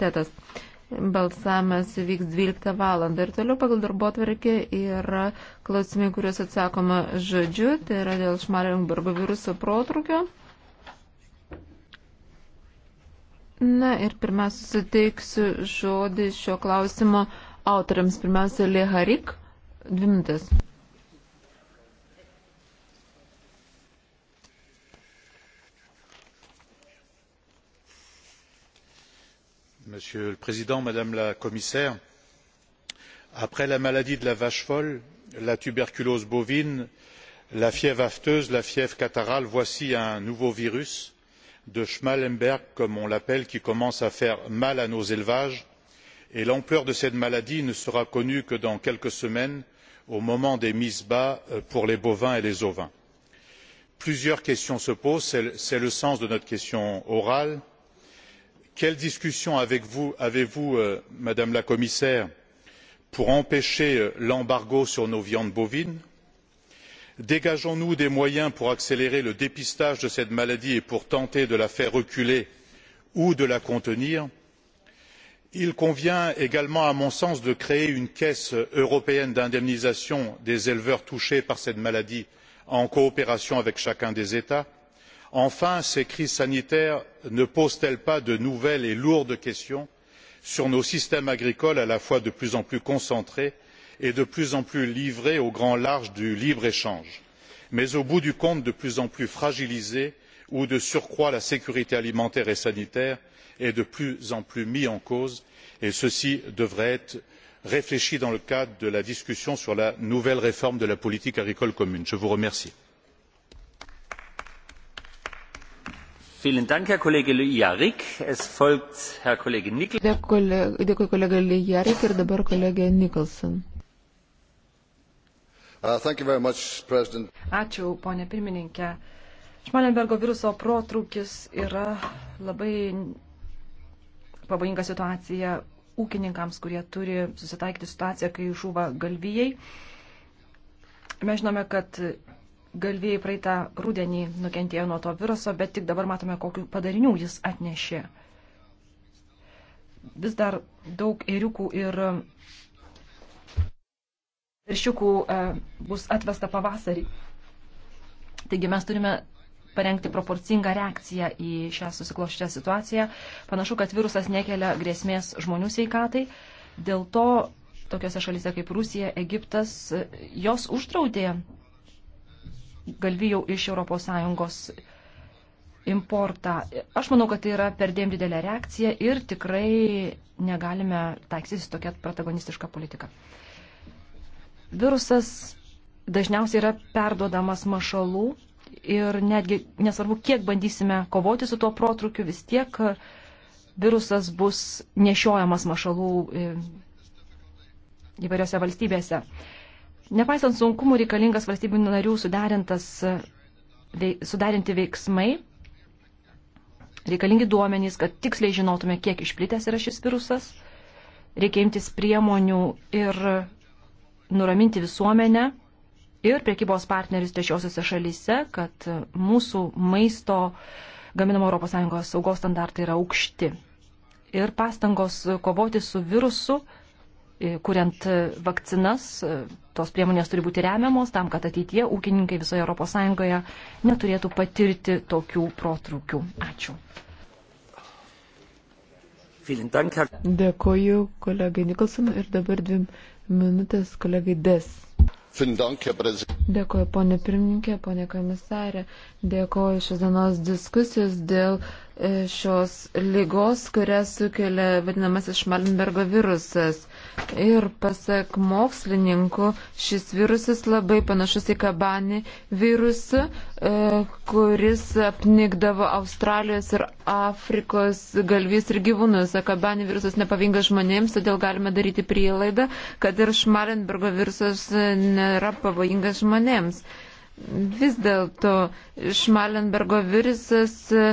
komitetas. Balsavimas vyks 12 valandą ir toliau pagal darbo atvarkį yra klausimai, kuriuos atsakoma žodžiu, tai yra dėl šmarinbarbo viruso protrukio. Na ir pirmiausia, suteiksiu žodį šio klausimo autoriams. Pirmiausia, Leharik, dvi minutės. monsieur le président madame la commissaire après la maladie de la vache folle la tuberculose bovine la fièvre aphteuse la fièvre catarrhale voici un nouveau virus de schmallenberg comme on l'appelle qui commence à faire mal à nos élevages et l'ampleur de cette maladie ne sera connue que dans quelques semaines au moment des mises bas euh, pour les bovins et les ovins. plusieurs questions se posent c'est le sens de notre question orale quelles discussions avez vous euh, madame la commissaire pour empêcher euh, l'embargo sur nos viandes bovines? dégageons nous des moyens pour accélérer le dépistage de cette maladie et pour tenter de la faire reculer ou de la contenir? il convient également à mon sens de créer une caisse européenne d'indemnisation des éleveurs touchés par cette maladie en coopération avec chacun des états enfin ces crises sanitaires ne posent elles pas de nouvelles et lourdes questions sur nos systèmes agricoles à la fois de plus en plus concentrés et de plus en plus livrés au grand large du libre échange mais au bout du compte de plus en plus fragilisés où de surcroît la sécurité alimentaire et sanitaire est de plus en plus mise en cause et ceci devrait être réfléchi dans le cadre de la discussion sur la nouvelle réforme de la politique agricole commune? je vous remercie. Dėkui kolega Lijarik ir dabar kolega Nikolson. Uh, much, President. Ačiū, ponė pirmininkė. Šmalenbergo viruso protrūkis yra labai pavojinga situacija ūkininkams, kurie turi susitaikyti situaciją, kai žūva galvijai. Mes žinome, kad galvėjai praeitą rudenį nukentėjo nuo to viruso, bet tik dabar matome, kokiu padarinių jis atnešė. Vis dar daug ėriukų ir viršiukų e, bus atvesta pavasarį. Taigi mes turime parengti proporcingą reakciją į šią susikloščią situaciją. Panašu, kad virusas nekelia grėsmės žmonių sveikatai. Dėl to tokiose šalyse kaip Rusija, Egiptas, jos uždraudė galvijų iš ES importą. Aš manau, kad tai yra perdėm didelė reakcija ir tikrai negalime taiksytis tokia protagonistiška politika. Virusas dažniausiai yra perduodamas mašalų ir netgi nesvarbu, kiek bandysime kovoti su tuo protrukiu, vis tiek virusas bus nešiojamas mašalų e, įvairiose valstybėse. Nepaisant sunkumų reikalingas valstybių narių suderinti veiksmai, reikalingi duomenys, kad tiksliai žinotume, kiek išplitęs yra šis virusas, reikia imtis priemonių ir nuraminti visuomenę ir priekybos partnerius trečiosiuose šalyse, kad mūsų maisto gaminamo ES saugos standartai yra aukšti. Ir pastangos kovoti su virusu, kuriant vakcinas, tos priemonės turi būti remiamos tam, kad ateitie ūkininkai visoje ES neturėtų patirti tokių protrukių. Ačiū. Dėkoju kolegai Nikolson ir dabar dvi minutės kolegai Des. Dėkoju, ponė pirmininkė, ponė komisarė. Dėkoju šios dienos diskusijos dėl šios lygos, kurią sukelia vadinamasis Šmalenbergo virusas. Ir pasak mokslininkų, šis virusas labai panašus į kabanį virusą, e, kuris apnikdavo Australijos ir Afrikos galvys ir gyvūnus. Kabanį virusas nepavinga žmonėms, todėl galime daryti prielaidą, kad ir Šmalenbergo virusas nėra pavojingas žmonėms vis dėlto Šmalenbergo virusas e,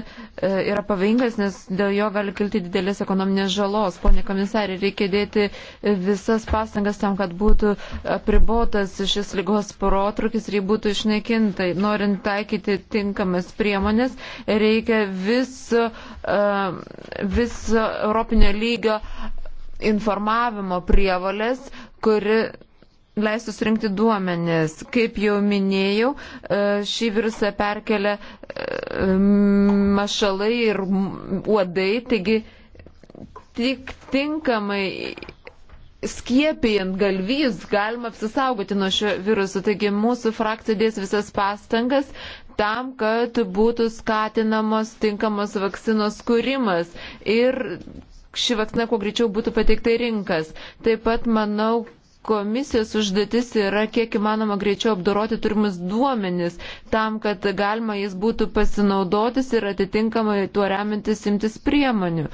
yra pavojingas, nes dėl jo gali kilti didelės ekonominės žalos. Pone komisarė, reikia dėti visas pastangas tam, kad būtų pribotas šis lygos protrukis ir jį būtų išnaikinta. Norint taikyti tinkamas priemonės, reikia viso, e, viso Europinio lygio informavimo prievalės, kuri leistų surinkti duomenis. Kaip jau minėjau, e, šį virusą perkelia e, mašalai ir uodai, taigi tik tinkamai skiepijant galvys galima apsisaugoti nuo šio viruso. Taigi mūsų frakcija dės visas pastangas tam, kad būtų skatinamos tinkamos vakcinos kūrimas ir ši vakcina kuo greičiau būtų pateikta į rinkas. Taip pat manau, komisijos užduotis yra kiek įmanoma greičiau apdoroti turimus duomenis tam, kad galima jais būtų pasinaudotis ir atitinkamai tuo remintis imtis priemonių.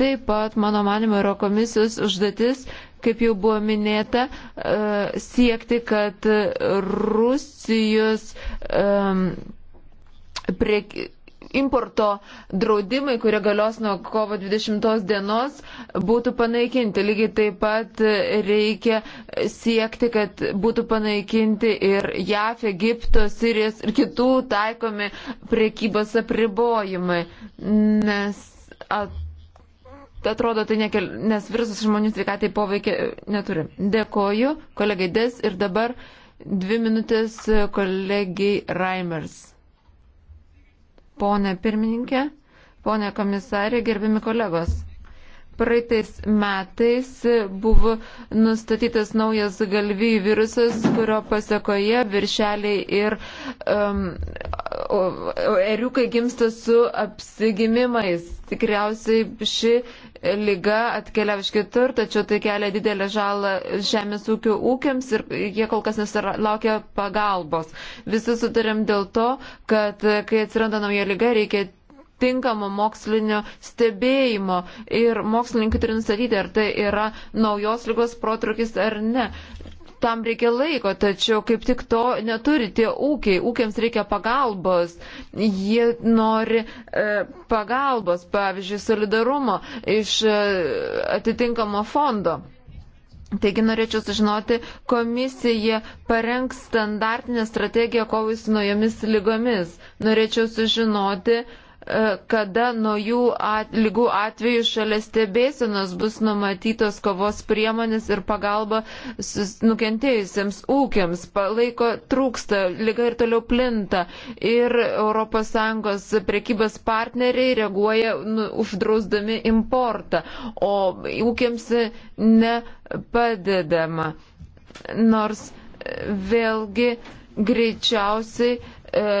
Taip pat, mano manimo, yra komisijos užduotis, kaip jau buvo minėta, e, siekti, kad Rusijos prie importo draudimai, kurie galios nuo kovo 20 dienos, būtų panaikinti. Lygiai taip pat reikia siekti, kad būtų panaikinti ir JAF, Egipto, Sirijos ir kitų taikomi priekybos apribojimai. Nes atrodo, tai nekel, nes virusas žmonių sveikatai poveikia neturi. Dėkoju kolegai Des ir dabar dvi minutės kolegiai Raimers. Pone pirmininkė, pone komisarė, gerbiami kolegos. Praeitais metais buvo nustatytas naujas galvijų virusas, kurio pasakoje viršeliai ir um, eriukai gimsta su apsigimimais. Tikriausiai ši lyga atkeliavo iš kitur, tačiau tai kelia didelę žalą žemės ūkio ūkiams ir jie kol kas nesulaukia pagalbos. Visi sutarėm dėl to, kad kai atsiranda nauja lyga, reikia tinkamo mokslinio stebėjimo ir mokslininkai turi nustatyti, ar tai yra naujos lygos protrukis ar ne. Tam reikia laiko, tačiau kaip tik to neturi tie ūkiai. Ūkiams reikia pagalbos. Jie nori e, pagalbos, pavyzdžiui, solidarumo iš e, atitinkamo fondo. Taigi norėčiau sužinoti, komisija parengs standartinę strategiją kovai su naujomis lygomis. Norėčiau sužinoti, e, E, kada nuo jų at, lygų atveju šalia stebėsenos bus numatytos kovos priemonės ir pagalba nukentėjusiems ūkiams. Palaiko trūksta, lyga ir toliau plinta. Ir ES prekybos partneriai reaguoja nu, uždrausdami importą, o ūkiams nepadedama. Nors e, vėlgi greičiausiai e,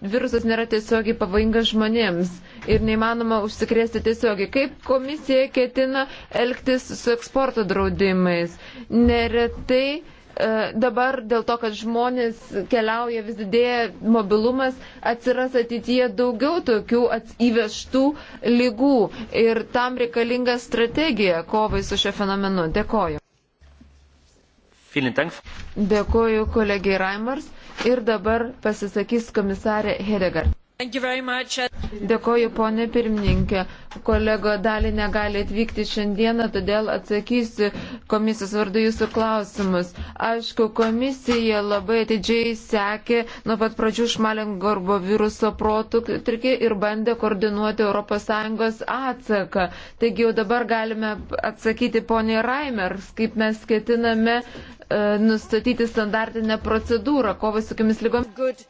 virusas nėra tiesiogiai pavojingas žmonėms ir neįmanoma užsikrėsti tiesiogiai. Kaip komisija ketina elgtis su eksporto draudimais? Neretai e, dabar dėl to, kad žmonės keliauja vis didėja mobilumas, atsiras ateityje daugiau tokių įvežtų lygų ir tam reikalinga strategija kovai su šio fenomenu. Dėkoju. Dėkoju kolegiai Raimars. Ir dabar pasisakys komisarė Hedegar. Dėkoju, ponė pirmininkė. Kolego dalį negali atvykti šiandieną, todėl atsakysiu komisijos vardu jūsų klausimus. Aišku, komisija labai atidžiai sekė nuo pat pradžių šmalengorbo viruso protrukį ir bandė koordinuoti ES atsaką. Taigi jau dabar galime atsakyti ponė Raimers, kaip mes ketiname E, nustatyti standartinę procedūrą kovai su tokiamis lygomis.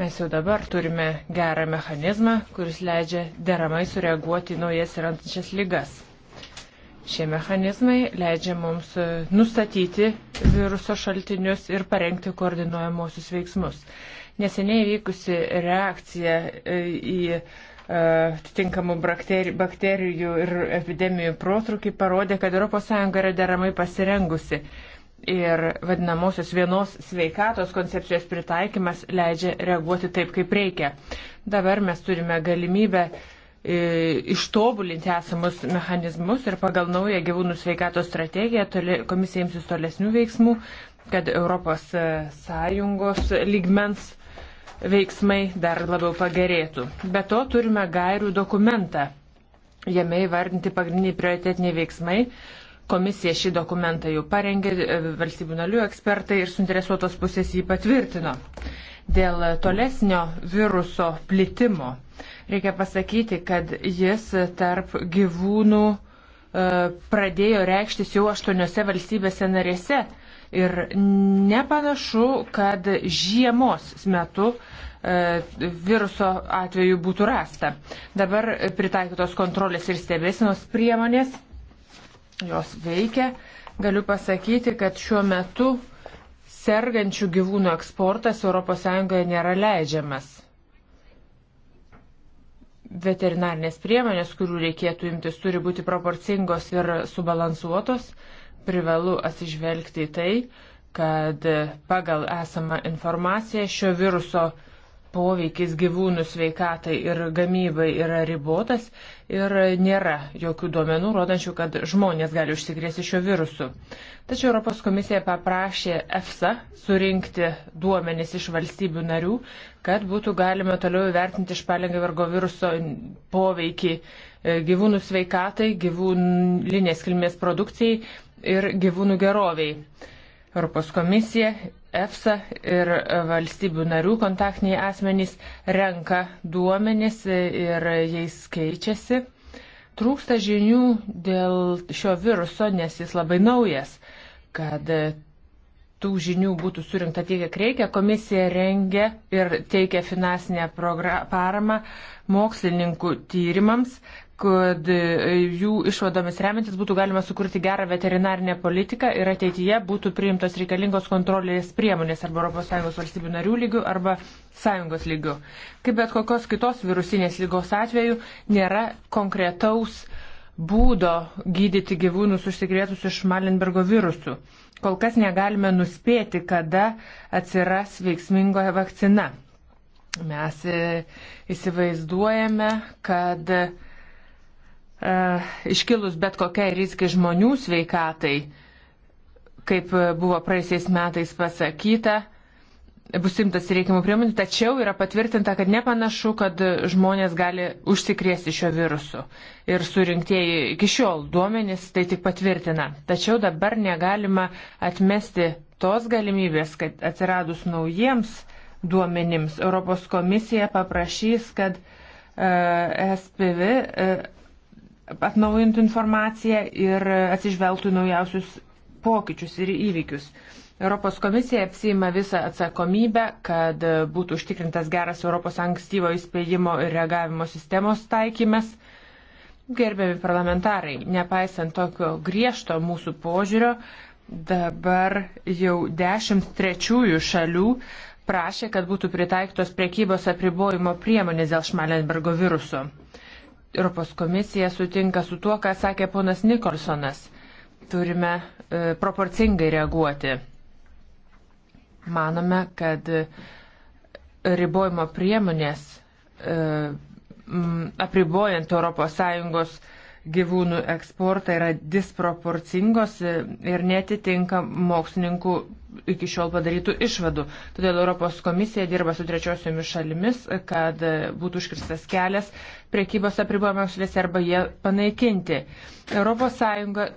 Mes jau dabar turime gerą mechanizmą, kuris leidžia deramai sureaguoti į naujas ir antančias lygas. Šie mechanizmai leidžia mums e, nustatyti viruso šaltinius ir parengti koordinuojamosius veiksmus. Neseniai vykusi reakcija e, į atitinkamų bakterijų ir epidemijų protrukį parodė, kad ES yra deramai pasirengusi ir vadinamosios vienos sveikatos koncepcijos pritaikymas leidžia reaguoti taip, kaip reikia. Dabar mes turime galimybę e, ištobulinti esamus mechanizmus ir pagal naują gyvūnų sveikatos strategiją komisija imsis tolesnių veiksmų, kad Europos e, Sąjungos lygmens veiksmai dar labiau pagerėtų. Be to turime gairių dokumentą. Jame įvardinti pagrindiniai prioritetiniai veiksmai, Komisija šį dokumentą jau parengė, e, valstybių nalių ekspertai ir suinteresuotos pusės jį patvirtino. Dėl tolesnio viruso plitimo reikia pasakyti, kad jis tarp gyvūnų e, pradėjo reikštis jau aštuoniuose valstybėse narėse. Ir nepanašu, kad žiemos metu e, viruso atveju būtų rasta. Dabar pritaikytos kontrolės ir stebėsinos priemonės jos veikia. Galiu pasakyti, kad šiuo metu sergančių gyvūnų eksportas ES nėra leidžiamas. Veterinarnės priemonės, kurių reikėtų imtis, turi būti proporcingos ir subalansuotos. Privalu atsižvelgti į tai, kad pagal esamą informaciją šio viruso poveikis gyvūnų sveikatai ir gamybai yra ribotas ir nėra jokių duomenų rodančių, kad žmonės gali užsikrėsti šio virusu. Tačiau Europos komisija paprašė EFSA surinkti duomenis iš valstybių narių, kad būtų galima toliau įvertinti špalengivergo viruso poveikį e, gyvūnų sveikatai, gyvūninės kilmės produkcijai ir gyvūnų geroviai. Europos komisija, EFSA ir valstybių narių kontaktiniai asmenys renka duomenis ir jais keičiasi. Trūksta žinių dėl šio viruso, nes jis labai naujas. Kad tų žinių būtų surinkta tiek, kiek reikia, komisija rengia ir teikia finansinę paramą mokslininkų tyrimams, kad e, jų išvadomis remintis būtų galima sukurti gerą veterinarinę politiką ir ateityje būtų priimtos reikalingos kontrolės priemonės arba ES valstybių narių lygių arba sąjungos lygių. Kaip bet kokios kitos virusinės lygos atveju nėra konkretaus būdo gydyti gyvūnus užsikrėtus iš Malenbergo virusų. Kol kas negalime nuspėti, kada atsiras veiksmingoje vakcina. Mes e, įsivaizduojame, kad E, iškilus bet kokiai rizikai žmonių sveikatai, kaip buvo praeisiais metais pasakyta, bus imtas reikiamų priemonių, tačiau yra patvirtinta, kad nepanašu, kad žmonės gali užsikrėsti šiuo virusu. Ir surinktieji iki šiol duomenys tai tik patvirtina. Tačiau dabar negalima atmesti tos galimybės, kad atsiradus naujiems duomenims Europos komisija paprašys, kad uh, e, SPV uh, e, atnaujintų informaciją ir atsižvelgtų naujausius pokyčius ir įvykius. Europos komisija apsima visą atsakomybę, kad būtų užtikrintas geras Europos ankstyvo įspėjimo ir reagavimo sistemos taikymas. Gerbiami parlamentarai, nepaisant tokio griežto mūsų požiūrio, dabar jau dešimt trečiųjų šalių prašė, kad būtų pritaiktos priekybos apribojimo priemonės dėl Šmalenbergo viruso. Europos komisija sutinka su tuo, ką sakė ponas Nikolsonas. Turime e, proporcingai reaguoti. Manome, kad e, ribojimo priemonės e, m, apribojant ES gyvūnų eksportą yra disproporcingos ir netitinka mokslininkų iki šiol padarytų išvadų. Todėl Europos komisija dirba su trečiosiomis šalimis, kad būtų užkirstas kelias priekybos apribojimams vis arba jie panaikinti. ES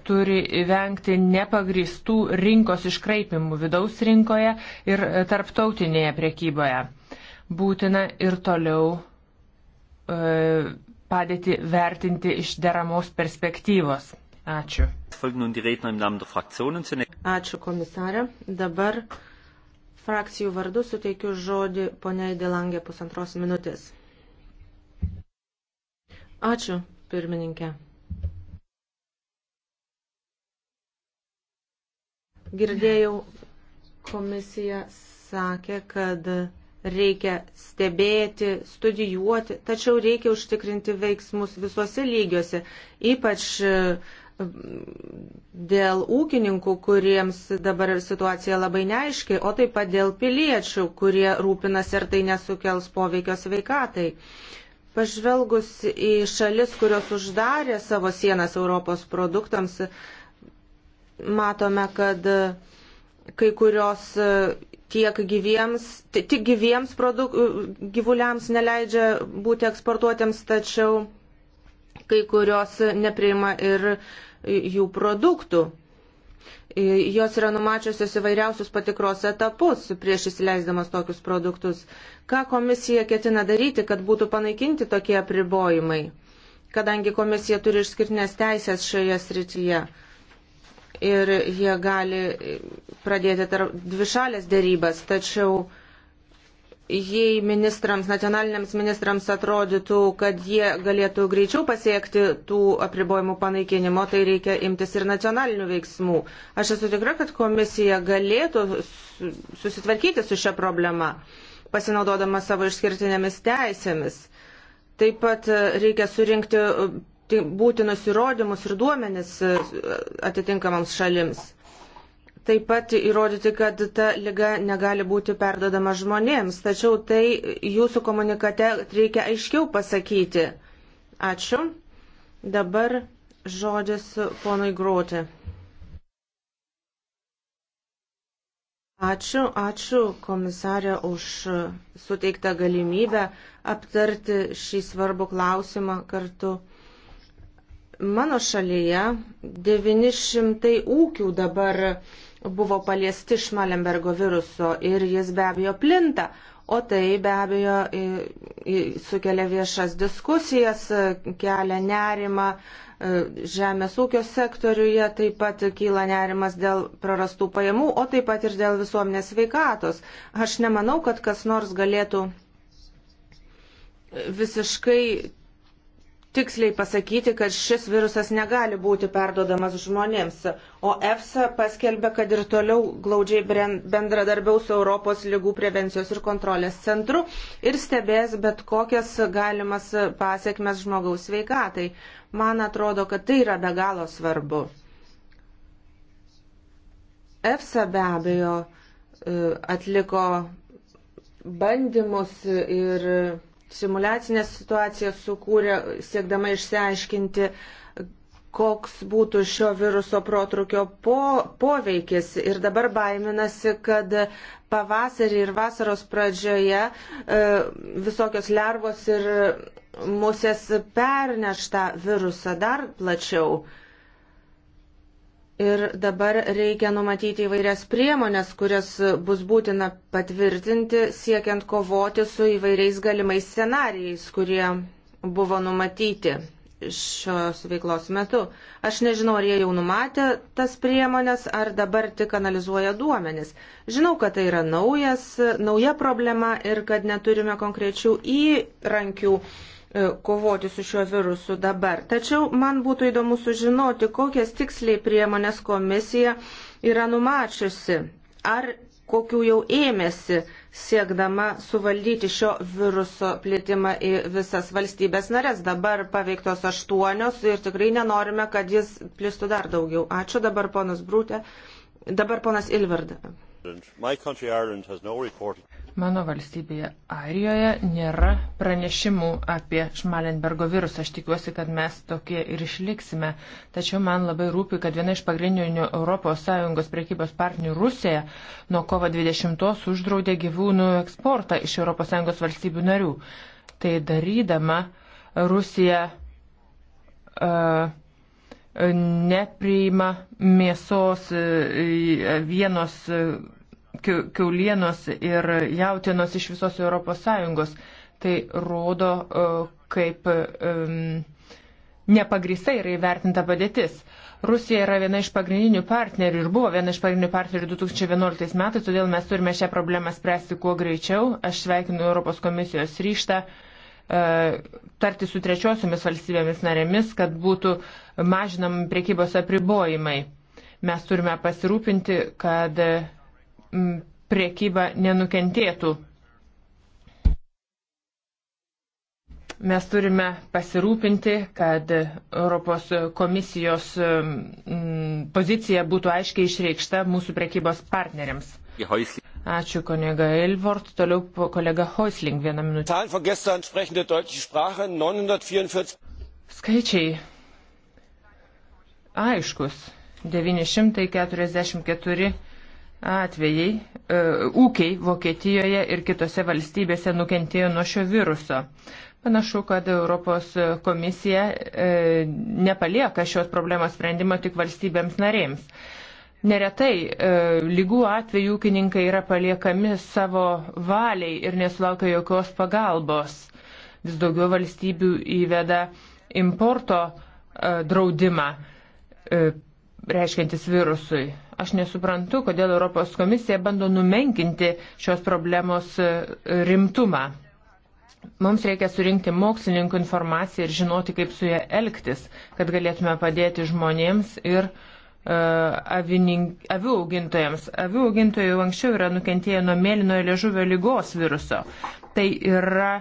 turi vengti nepagristų rinkos iškraipimų vidaus rinkoje ir tarptautinėje priekyboje. Būtina ir toliau e, padėti vertinti iš deramos perspektyvos. Ačiū. Ačiū komisarė. Dabar frakcijų vardu suteikiu žodį poniai Delangė pusantros minutės. Ačiū, pirmininkė. Girdėjau, komisija sakė, kad reikia stebėti, studijuoti, tačiau reikia užtikrinti veiksmus visuose lygiuose, ypač e, dėl ūkininkų, kuriems dabar situacija labai neaiški, o taip pat dėl piliečių, kurie rūpinasi, ar tai nesukels poveikio sveikatai. Pažvelgus į šalis, kurios uždarė savo sienas Europos produktams, matome, kad kai kurios e, tiek gyviems, tik gyviems produk, e, gyvuliams neleidžia būti eksportuotėms, tačiau kai kurios nepriima ir jų produktų. E, jos yra numačiusios įvairiausius patikros etapus prieš įsileisdamas tokius produktus. Ką komisija ketina daryti, kad būtų panaikinti tokie apribojimai, kadangi komisija turi išskirtinės teisės šioje srityje? ir jie gali pradėti dvišalės dėrybas, tačiau jei ministrams, nacionaliniams ministrams atrodytų, kad jie galėtų greičiau pasiekti tų apribojimų panaikinimo, tai reikia imtis ir nacionalinių veiksmų. Aš esu tikra, kad komisija galėtų susitvarkyti su šia problema, pasinaudodama savo išskirtinėmis teisėmis. Taip pat e, reikia surinkti Tai būtinus įrodymus ir duomenis e, atitinkamams šalims. Taip pat įrodyti, kad ta lyga negali būti perdodama žmonėms, tačiau tai jūsų komunikate reikia aiškiau pasakyti. Ačiū. Dabar žodis ponui Groti. Ačiū, ačiū komisarė už suteiktą galimybę aptarti šį svarbų klausimą kartu Mano šalyje 900 ūkių dabar buvo paliesti iš Malenbergo viruso ir jis be abejo plinta, o tai be abejo e, e, sukelia viešas diskusijas, kelia nerimą e, žemės ūkio sektoriuje, taip pat kyla nerimas dėl prarastų pajamų, o taip pat ir dėl visuomenės veikatos. Aš nemanau, kad kas nors galėtų visiškai tiksliai pasakyti, kad šis virusas negali būti perdodamas žmonėms, o EFSA paskelbė, kad ir toliau glaudžiai bendradarbiaus Europos lygų prevencijos ir kontrolės centru ir stebės bet kokias galimas pasiekmes žmogaus sveikatai. Man atrodo, kad tai yra be galo svarbu. EFSA be abejo e, atliko bandymus ir simulacinę situaciją sukūrė, siekdama išsiaiškinti, koks būtų šio viruso protrukio po, poveikis. Ir dabar baiminasi, kad pavasarį ir vasaros pradžioje e, visokios lervos ir musės perneš tą virusą dar plačiau. E, Ir dabar reikia numatyti įvairias priemonės, kurias bus būtina patvirtinti, siekiant kovoti su įvairiais galimais scenarijais, kurie buvo numatyti šios veiklos metu. Aš nežinau, ar jie jau numatė tas priemonės, ar dabar tik analizuoja duomenis. Žinau, kad tai yra naujas, nauja problema ir kad neturime konkrečių įrankių E, kovoti su šiuo virusu dabar. Tačiau man būtų įdomu sužinoti, kokias tiksliai priemonės komisija yra numačiusi. Ar kokių jau ėmėsi siekdama suvaldyti šio viruso plėtimą į visas valstybės narės. Dabar paveiktos aštuonios ir tikrai nenorime, kad jis plistų dar daugiau. Ačiū dabar ponas Brūtė. Dabar ponas Ilverda. Mano valstybėje Airijoje nėra pranešimų apie Šmalenbergo virusą. Aš tikiuosi, kad mes tokie ir išliksime. Tačiau man labai rūpi, kad viena iš pagrindinių ES priekybos partnerių Rusija nuo kovo 20 uždraudė gyvūnų eksportą iš ES valstybių narių. Tai darydama Rusija uh, nepriima mėsos uh, vienos. Uh, keulienos ir jautienos iš visos ES. Tai rodo, e, kaip nepagrisai yra įvertinta padėtis. Rusija yra viena iš pagrindinių partnerių ir buvo viena iš pagrindinių partnerių 2011 metais, todėl mes turime šią problemą spręsti kuo greičiau. Aš sveikinu Europos komisijos ryštą e, tarti su trečiosiomis valstybėmis narėmis, kad būtų mažinami priekybos apribojimai. Mes turime pasirūpinti, kad priekyba nenukentėtų. Mes turime pasirūpinti, kad Europos komisijos pozicija būtų aiškiai išreikšta mūsų priekybos partneriams. Ačiū kolega Elvort, toliau kolega Hoisling vieną minutę. Skaičiai aiškus. 944 atvejai, e, ūkiai Vokietijoje ir kitose valstybėse nukentėjo nuo šio viruso. Panašu, kad Europos komisija e, nepalieka šios problemos sprendimo tik valstybėms narėms. Neretai e, lygų atveju ūkininkai yra paliekami savo valiai ir nesulaukia jokios pagalbos. Vis daugiau valstybių įveda importo e, draudimą, e, reiškiantis virusui. Aš nesuprantu, kodėl Europos komisija bando numenkinti šios problemos e, rimtumą. Mums reikia surinkti mokslininkų informaciją ir žinoti, kaip su ją elgtis, kad galėtume padėti žmonėms ir uh, avinink, avių augintojams. Avių augintojai jau anksčiau yra nukentėję nuo mėlynojo liežuvio lygos viruso. Tai yra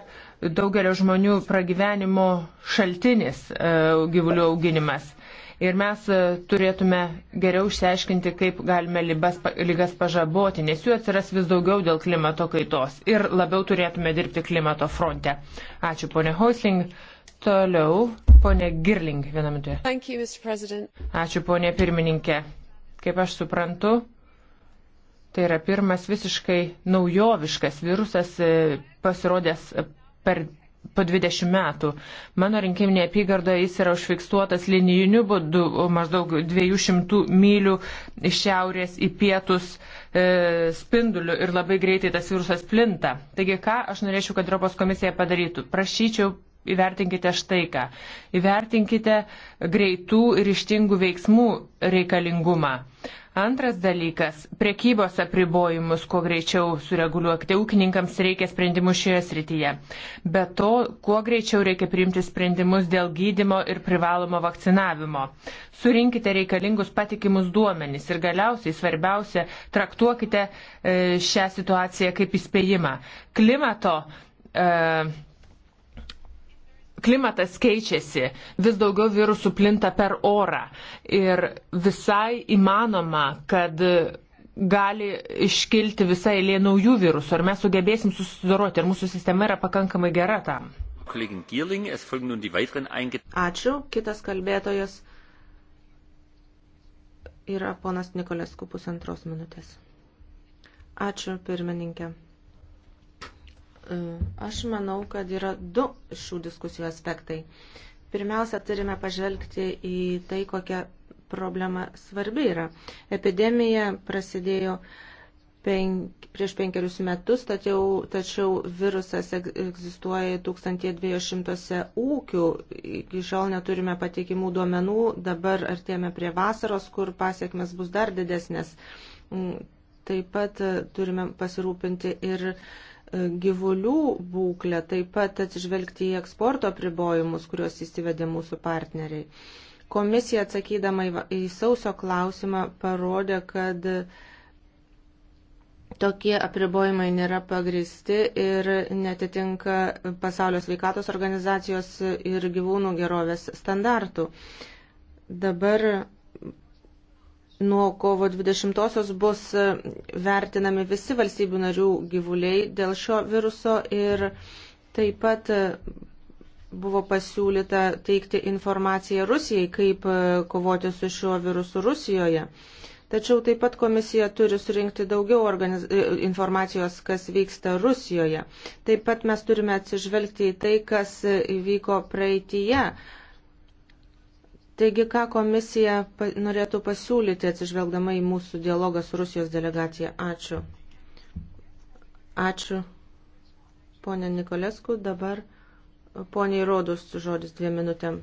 daugelio žmonių pragyvenimo šaltinis uh, gyvulių auginimas. Ir mes e, turėtume geriau išsiaiškinti, kaip galime libas, lygas pažaboti, nes jų atsiras vis daugiau dėl klimato kaitos. Ir labiau turėtume dirbti klimato fronte. Ačiū, ponė Hoisling. Toliau, ponė Girling, vieną minutę. Ačiū, ponė pirmininkė. Kaip aš suprantu, tai yra pirmas visiškai naujoviškas virusas e, pasirodęs e, per po 20 metų. Mano rinkiminė apygarda jis yra užfiksuotas linijiniu būdu maždaug 200 mylių iš šiaurės į pietus e, spinduliu ir labai greitai tas virusas plinta. Taigi ką aš norėčiau, kad Europos komisija padarytų? Prašyčiau. Įvertinkite štai ką. Įvertinkite greitų ir ištingų veiksmų reikalingumą. Uh, Antras dalykas - priekybos apribojimus, kuo greičiau sureguliuokite. Ūkininkams reikia sprendimų šioje srityje. Be to, kuo greičiau reikia priimti sprendimus dėl gydimo ir privalomo vakcinavimo. Surinkite reikalingus patikimus duomenys ir galiausiai, svarbiausia, traktuokite e, šią situaciją kaip įspėjimą. Klimato. E, klimatas keičiasi, vis daugiau virusų plinta per orą ir visai įmanoma, kad gali iškilti visai eilė naujų virusų, ar mes sugebėsim susidoroti, ar mūsų sistema yra pakankamai gera tam. Ačiū, kitas kalbėtojas yra ponas Nikolesku pusantros minutės. Ačiū, pirmininkė. Aš manau, kad yra du šių diskusijų aspektai. Pirmiausia, turime pažvelgti į tai, kokia problema svarbi yra. Epidemija prasidėjo penk, prieš penkerius metus, tačiau, tačiau virusas egzistuoja 1200 ūkių. Iki šiol neturime patikimų duomenų, dabar artėjame prie vasaros, kur pasiekmes bus dar didesnės. Mm, taip pat e, turime pasirūpinti ir uh, gyvulių būklę, taip pat atsižvelgti į eksporto pribojimus, kuriuos įsivedė mūsų partneriai. Komisija atsakydama į sausio klausimą parodė, kad tokie apribojimai nėra pagristi ir netitinka pasaulio sveikatos organizacijos ir gyvūnų gerovės standartų. Dabar Nuo kovo 20-osios bus e, vertinami visi valstybių narių gyvuliai dėl šio viruso ir taip pat e, buvo pasiūlyta teikti informaciją Rusijai, kaip e, kovoti su šiuo virusu Rusijoje. Tačiau taip pat komisija turi surinkti daugiau organiz... informacijos, kas vyksta Rusijoje. Taip pat mes turime atsižvelgti į tai, kas įvyko praeitie Taigi, ką komisija norėtų pasiūlyti atsižvelgdama į mūsų dialogą su Rusijos delegacija? Ačiū. Ačiū, ponė Nikolesku. Dabar poniai Rodus žodis dviem minutėm.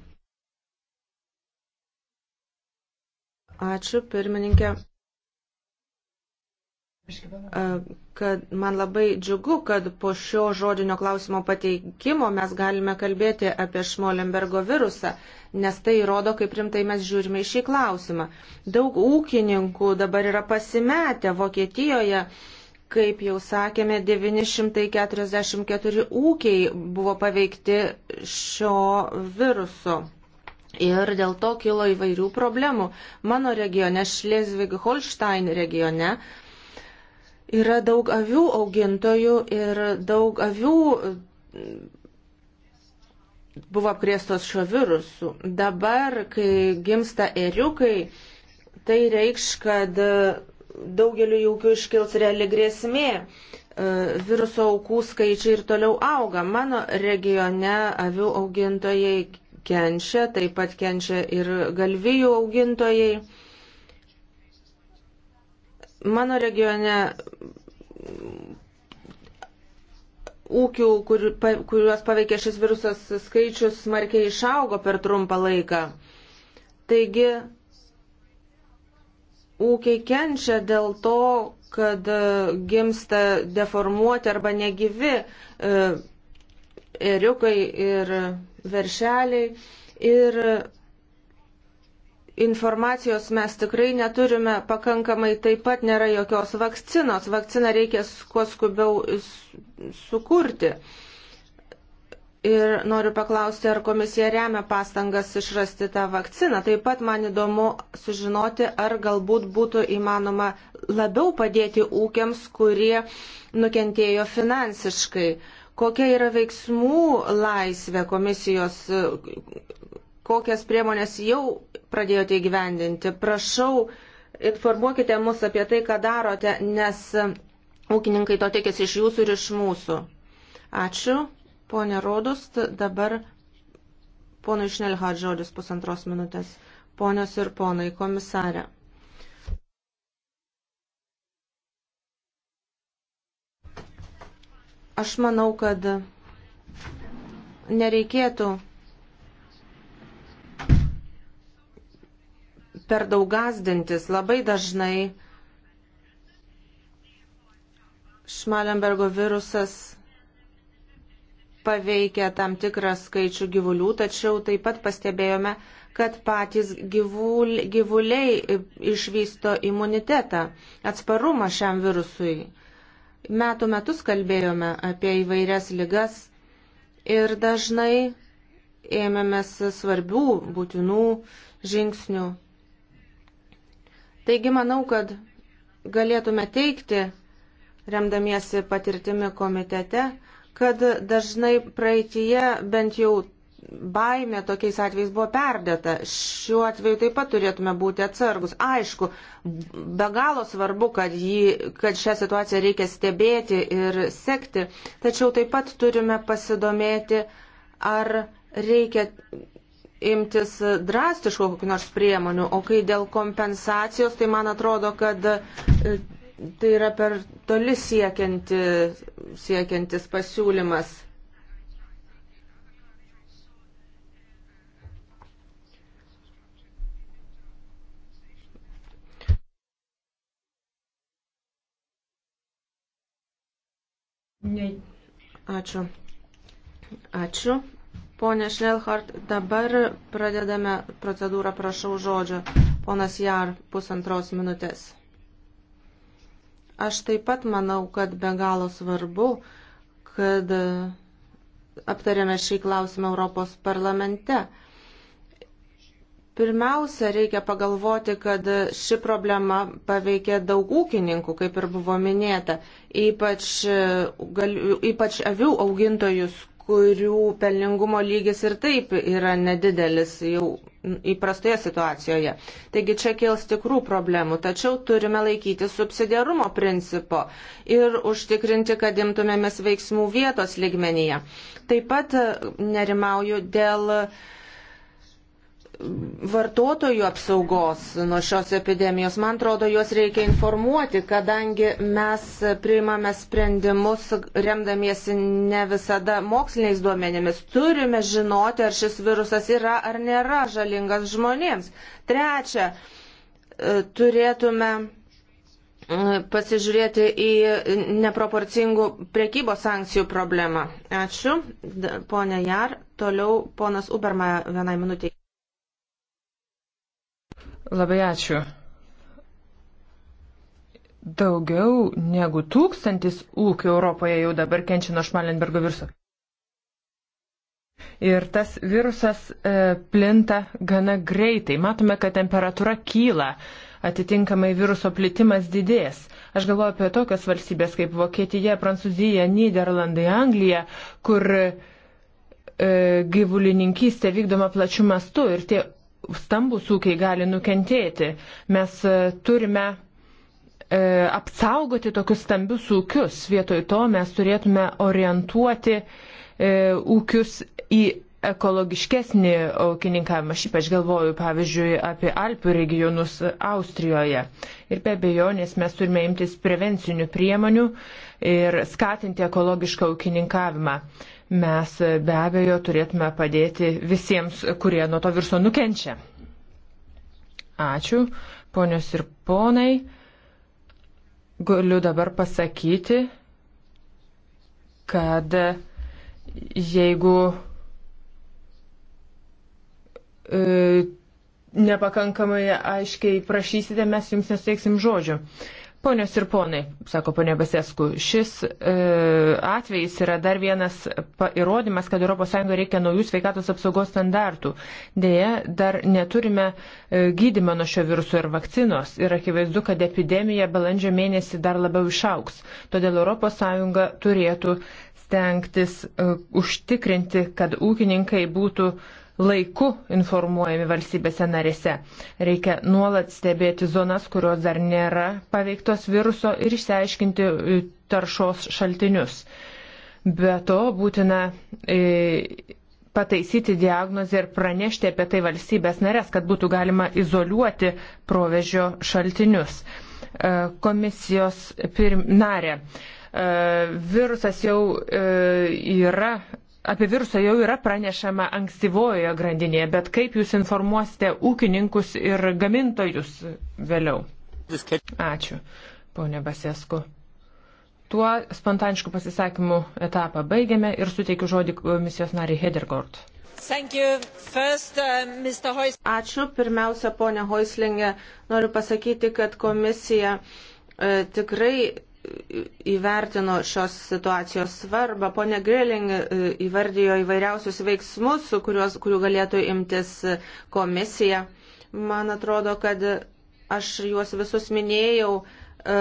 Ačiū, pirmininkė kad man labai džiugu, kad po šio žodinio klausimo pateikimo mes galime kalbėti apie Šmolenbergo virusą, nes tai rodo, kaip rimtai mes žiūrime į šį klausimą. Daug ūkininkų dabar yra pasimetę Vokietijoje. Kaip jau sakėme, 944 ūkiai buvo paveikti šio viruso. Ir dėl to kilo įvairių problemų. Mano regione, Šlezvig-Holstein regione, Yra daug avių augintojų ir daug avių mm, buvo apkrėstos šio virusu. Dabar, kai gimsta eriukai, tai reikš, kad mm, daugeliu jaukių iškils reali grėsmė. Mm, viruso aukų skaičiai ir toliau auga. Mano regione avių augintojai kenčia, taip pat kenčia ir galvijų augintojai. Mano regione ūkių, kur, pa, kuriuos paveikė šis virusas skaičius, smarkiai išaugo per trumpą laiką. Taigi, ūkiai kenčia dėl to, kad e, gimsta deformuoti arba negyvi eriukai ir e, veršeliai. Ir e, informacijos mes tikrai neturime pakankamai, taip pat nėra jokios vakcinos. Vakciną reikia kuo skubiau sukurti. Ir noriu paklausti, ar komisija remia pastangas išrasti tą vakciną. Taip pat man įdomu sužinoti, ar galbūt būtų įmanoma labiau padėti ūkiams, kurie nukentėjo finansiškai. Kokia yra veiksmų laisvė komisijos kokias priemonės jau pradėjote įgyvendinti. Prašau, informuokite mus apie tai, ką darote, nes ūkininkai to tikėsi iš jūsų ir iš mūsų. Ačiū, ponė Rodus, dabar ponui Šnelhat žodis pusantros minutės. Ponios ir ponai, komisarė. Aš manau, kad nereikėtų per daug gazdintis. Labai dažnai Šmalenbergo virusas paveikia tam tikrą skaičių gyvulių, tačiau taip pat pastebėjome, kad patys gyvul, gyvuliai išvysto imunitetą, atsparumą šiam virusui. Metų metus kalbėjome apie įvairias ligas ir dažnai ėmėmės svarbių būtinų žingsnių Taigi manau, kad galėtume teikti, remdamiesi patirtimi komitete, kad dažnai praeitie bent jau baime tokiais atvejais buvo perdėta. Šiuo atveju taip pat turėtume būti atsargus. Aišku, be galo svarbu, kad, jį, kad šią situaciją reikia stebėti ir sekti, tačiau taip pat turime pasidomėti, ar reikia imtis drastiško kokiu nors priemonių, o kai dėl kompensacijos, tai man atrodo, kad e, tai yra per toli siekianti, siekiantis pasiūlymas. Ačiū. Ačiū. Pone Šnelhart, dabar pradedame procedūrą, prašau žodžio. Ponas Jar, pusantros minutės. Aš taip pat manau, kad be galo svarbu, kad aptarėme šį klausimą Europos parlamente. Pirmiausia, reikia pagalvoti, kad ši problema paveikė daug ūkininkų, kaip ir buvo minėta, ypač, gal, ypač avių augintojus, kurių pelningumo lygis ir taip yra nedidelis jau įprastoje situacijoje. Taigi čia kils tikrų problemų, tačiau turime laikyti subsidiarumo principo ir užtikrinti, kad imtumėmės veiksmų vietos ligmenyje. Taip pat nerimauju dėl uh, vartotojų apsaugos nuo šios epidemijos. Man atrodo, juos reikia informuoti, kadangi mes priimame sprendimus remdamiesi ne visada moksliniais duomenimis. Turime žinoti, ar šis virusas yra ar nėra žalingas žmonėms. Trečia, e, turėtume e, pasižiūrėti į neproporcingų priekybos sankcijų problemą. Ačiū, ponė Jar. Toliau ponas Uberma vienai minutiai. Labai ačiū. Daugiau negu tūkstantis ūkių Europoje jau dabar kenčia nuo Šmalenbergo viruso. Ir tas virusas e, plinta gana greitai. Matome, kad temperatūra kyla, atitinkamai viruso plitimas didės. Aš galvoju apie tokias valstybės kaip Vokietija, Prancūzija, Niderlandai, Anglija, kur e, gyvulininkystė vykdoma plačiu mastu ir tie stambus ūkiai gali nukentėti. Mes e, turime e, apsaugoti tokius stambius ūkius. Vietoj to mes turėtume orientuoti e, ūkius į ekologiškesnį ūkininkavimą. Aš ypač galvoju, pavyzdžiui, apie Alpių regionus Austrijoje. Ir be abejonės mes turime imtis prevencinių priemonių ir skatinti ekologišką ūkininkavimą. Mes be abejo turėtume padėti visiems, kurie nuo to virso nukenčia. Ačiū, ponios ir ponai. Galiu dabar pasakyti, kad jeigu E, nepakankamai aiškiai prašysite, mes jums nesteiksim žodžių. Ponios ir ponai, sako ponė Basesku, šis e, atvejis yra dar vienas įrodymas, kad ES reikia naujų sveikatos apsaugos standartų. Deja, dar neturime e, gydimo nuo šio viruso ir vakcinos ir akivaizdu, kad epidemija balandžio mėnesį dar labiau išauks. Todėl ES turėtų stengtis e, užtikrinti, kad ūkininkai būtų e, laiku informuojami valstybėse narėse. Reikia nuolat stebėti zonas, kurios dar nėra paveiktos viruso ir išsiaiškinti e, taršos šaltinius. Be to būtina. E, pataisyti diagnozę ir pranešti apie tai valstybės narės, kad būtų galima izoliuoti provežio šaltinius. E, komisijos pirm... narė. E, virusas jau yra apie virusą jau yra pranešama ankstyvojoje grandinėje, bet kaip jūs informuosite ūkininkus ir gamintojus vėliau? Ačiū, ponė Basesku. Tuo spontaniškų pasisakymų etapą baigiame ir suteikiu žodį komisijos nariai Hedergord. First, uh, Ačiū. Pirmiausia, ponė Hoislinge, noriu pasakyti, kad komisija e, tikrai įvertino šios situacijos svarbą. Pone Grilling e, įvardijo įvairiausius veiksmus, kuriuos, kurių galėtų imtis komisija. Man atrodo, kad aš juos visus minėjau e,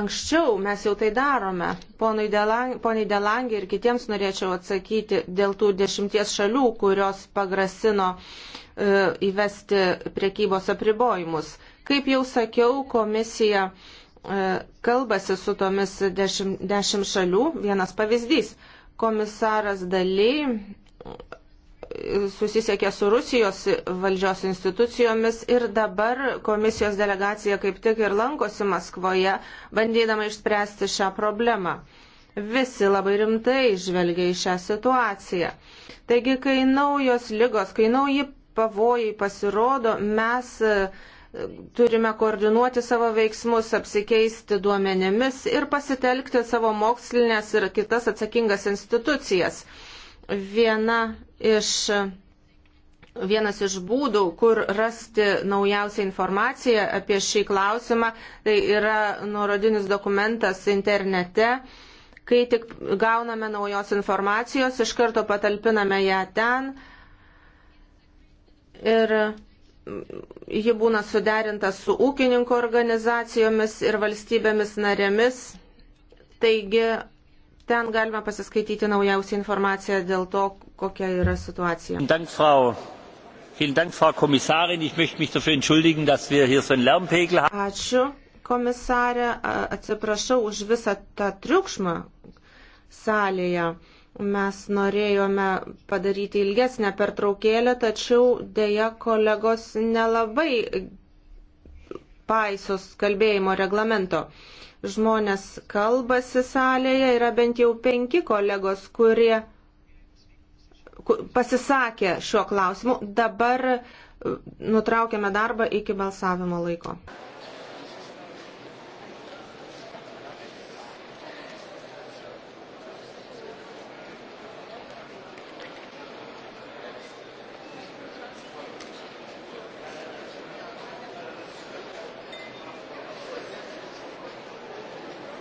anksčiau mes jau tai darome. Poniai Delangi ir kitiems norėčiau atsakyti dėl tų dešimties šalių, kurios pagrasino e, įvesti priekybos apribojimus. Kaip jau sakiau, komisija E, kalbasi su tomis dešimt, dešimt šalių. Vienas pavyzdys. Komisaras Daliai e, susisiekė su Rusijos valdžios institucijomis ir dabar komisijos delegacija kaip tik ir lankosi Maskvoje, bandydama išspręsti šią problemą. Visi labai rimtai žvelgia į šią situaciją. Taigi, kai naujos lygos, kai nauji pavojai pasirodo, mes uh, turime koordinuoti savo veiksmus, apsikeisti duomenėmis ir pasitelkti savo mokslinės ir kitas atsakingas institucijas. Viena iš, vienas iš būdų, kur rasti naujausią informaciją apie šį klausimą, tai yra nuorodinis dokumentas internete. Kai tik gauname naujos informacijos, iš karto patalpiname ją ten. Ir ji būna suderinta su ūkininko organizacijomis ir valstybėmis narėmis. Taigi ten galima pasiskaityti naujausią informaciją dėl to, kokia yra situacija. Dank, Frau. Vielen Dank, Frau Kommissarin. Ich möchte mich dafür entschuldigen, dass wir hier so einen Lärmpegel haben. Ačiū, komisarė. Atsiprašau už visą tą triukšmą salėje. Mes norėjome padaryti ilgesnę pertraukėlę, tačiau dėja kolegos nelabai paisos kalbėjimo reglamento. Žmonės kalbasi salėje, yra bent jau penki kolegos, kurie pasisakė šiuo klausimu. Dabar e, nutraukėme darbą iki balsavimo laiko.